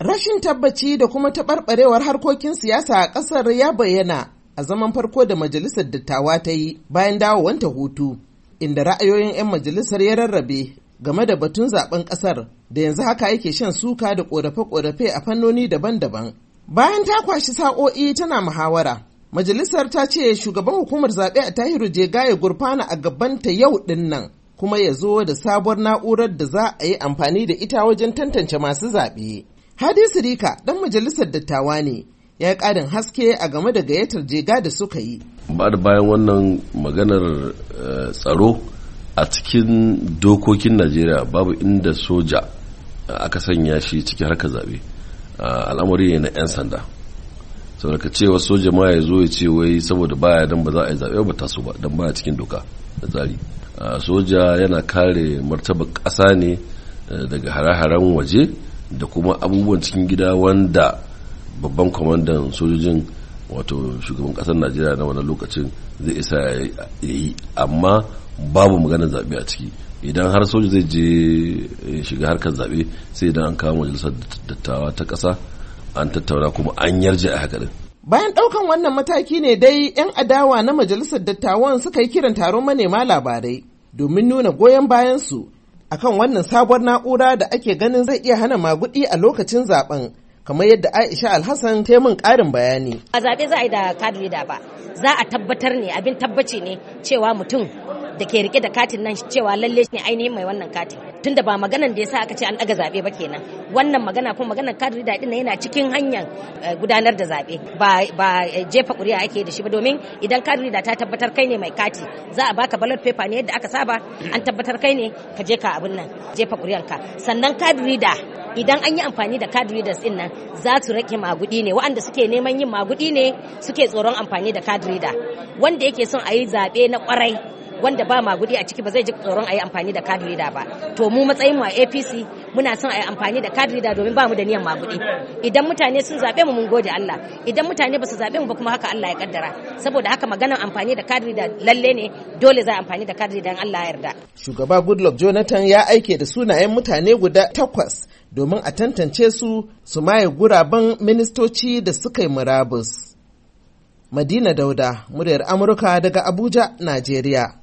Rashin tabbaci da kuma taɓarɓarewar harkokin siyasa a ƙasar ya bayyana a zaman farko da majalisar dattawa ta yi bayan dawowanta hutu, inda ra'ayoyin 'yan majalisar ya rarrabe game da batun zaben ƙasar da yanzu haka yake shan suka da ƙorafe-ƙorafe a fannoni daban-daban. Bayan ta kwashi sa'o'i tana muhawara, majalisar ta ce shugaban hukumar zaɓe a Tahiru Jega ya gurfana a gabanta yau ɗin nan. kuma ya zo da sabuwar na'urar da za a yi amfani da ita wajen tantance masu zaɓe. hadi sirika ɗan majalisar dattawa ne ya ƙarin haske a game da gayyatar jega da suka yi. Ba da bayan wannan maganar eh, tsaro a cikin dokokin Najeriya babu inda soja eh, aka sanya shi cikin harkar zaɓe eh, al'amari ne na 'yan sanda. saboda cewa soja ma ya zo ya ce wai saboda baya dan ba za a yi zaɓe ba taso ba dan baya cikin doka da tsari soja yana kare martaba ƙasa ne daga hare-haren waje da kuma abubuwan cikin gida wanda babban kwamandan sojojin wato shugaban kasar najeriya na wani lokacin zai isa ya yi amma babu maganar zaɓe a ciki idan har soja zai je eh, shiga harkar zaɓe sai idan an kawo majalisar dattawa ta ƙasa an tattauna kuma an yarje a haka din bayan ɗaukan wannan mataki ne dai 'yan adawa na majalisar dattawan suka yi kiran taron manema labarai domin nuna goyon bayansu akan wannan sabon na'ura da ake ganin zai iya hana maguɗi a lokacin zaben kamar yadda Aisha Alhassan ta min ƙarin bayani. A zaɓe za a yi da kadiri da ba, za a tabbatar ne abin tabbaci ne cewa mutum da ke rike da katin nan cewa lalle ne ainihin mai wannan katin tunda ba maganan da yasa aka ce an daga zabe ba kenan wannan magana kuma maganar kadiri da yana cikin hanyar eh, gudanar da zabe ba ba eh, jefa kuri'a ake da shi ba domin idan kadiri da ta tabbatar kai ne mai kati za a baka ballot paper ne yadda aka saba an tabbatar kai ne ka je ka abin nan jefa ka sannan kadiri da idan an yi amfani da card readers din nan za su rake magudi ne waɗanda suke neman yin magudi ne suke tsoron amfani da card reader wanda yake son a yi zaɓe na kwarai wanda ba magudi a ciki ba zai ji tsoron a yi amfani da card reader ba to mu matsayin mu a APC muna son a yi amfani da card reader domin ba mu da niyan magudi idan mutane sun zabe mu mun gode Allah idan mutane ba su zabe mu ba kuma haka Allah ya kaddara saboda haka maganar amfani da card reader lalle ne dole za a amfani da card reader Allah ya yarda shugaba Goodluck Jonathan ya aike da sunayen mutane guda takwas domin a tantance su su maye guraben ministoci da suka yi murabus. Madina Dauda, muryar Amurka daga Abuja, Najeriya.